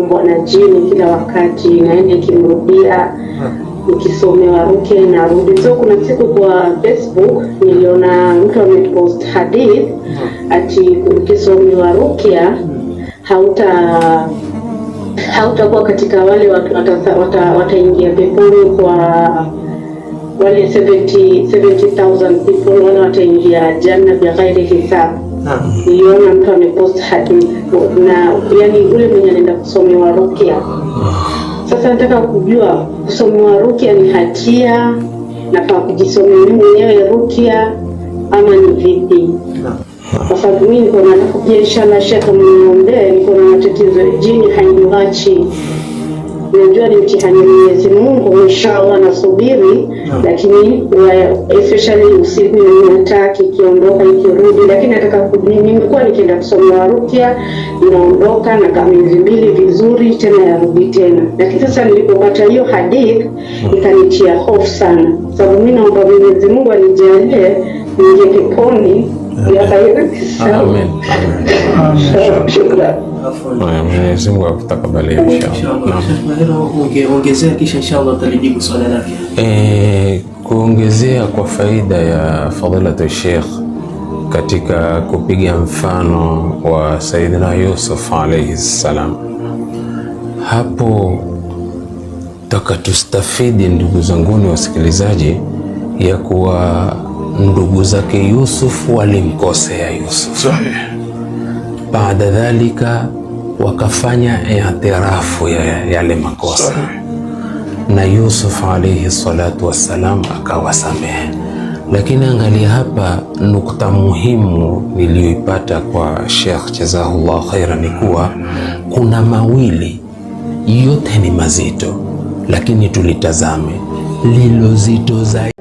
kumbwa na jini kila wakati, na yeye nikimrudia nikisomewa na narudi. So kuna siku kwa Facebook niliona mtu amepost hadith ati ukisomewa rukia hauta hautakuwa katika wale watu wataingia wata, peponi kwa wale 70,000 people wale wataingia janna bighairi hisab niliona mtu amepost na yani ule mwenye anaenda kusomewa rukia. Sasa nataka kujua kusomewa rukia ni hatia, nafaa kujisomea mwenyewe rukia ama ni vipi? Kwa sababu mimi niko na kujesha na shaka niko na matatizo jini hainiwachi Najua ni mtihani Mwenyezi Mungu, inshallah nasubiri, lakini especially usiku nataka ikiondoka ikirudi, lakini nataka nimekuwa nikienda kusoma rukia, inaondoka na mbili vizuri tena yarudi tena, lakini sasa nilipopata hiyo hadith ikanitia hofu sana, sababu mi naomba Mwenyezi Mungu anijalie ningie peponi. Amen. Amen. Amen. Amen. Haya, Mwenyezi Mungu inshallah. Ongezea kisha inshallah utalijibu swali lake. Eh, kuongezea kwa faida ya fadilatu Sheikh katika kupiga mfano wa Sayyidina Yusuf alayhi salam, hapo tustafidi ndugu zanguni wasikilizaji, ya kuwa ndugu zake Yusuf walimkosea Yusuf. Sorry baada dhalika wakafanya i'tirafu ya yale makosa na Yusuf alayhi salatu wassalam akawasamehe. Lakini angalia hapa, nukta muhimu niliyoipata kwa Sheikh jazahullah khaira ni kuwa kuna mawili yote ni mazito, lakini tulitazame lilozito zaidi.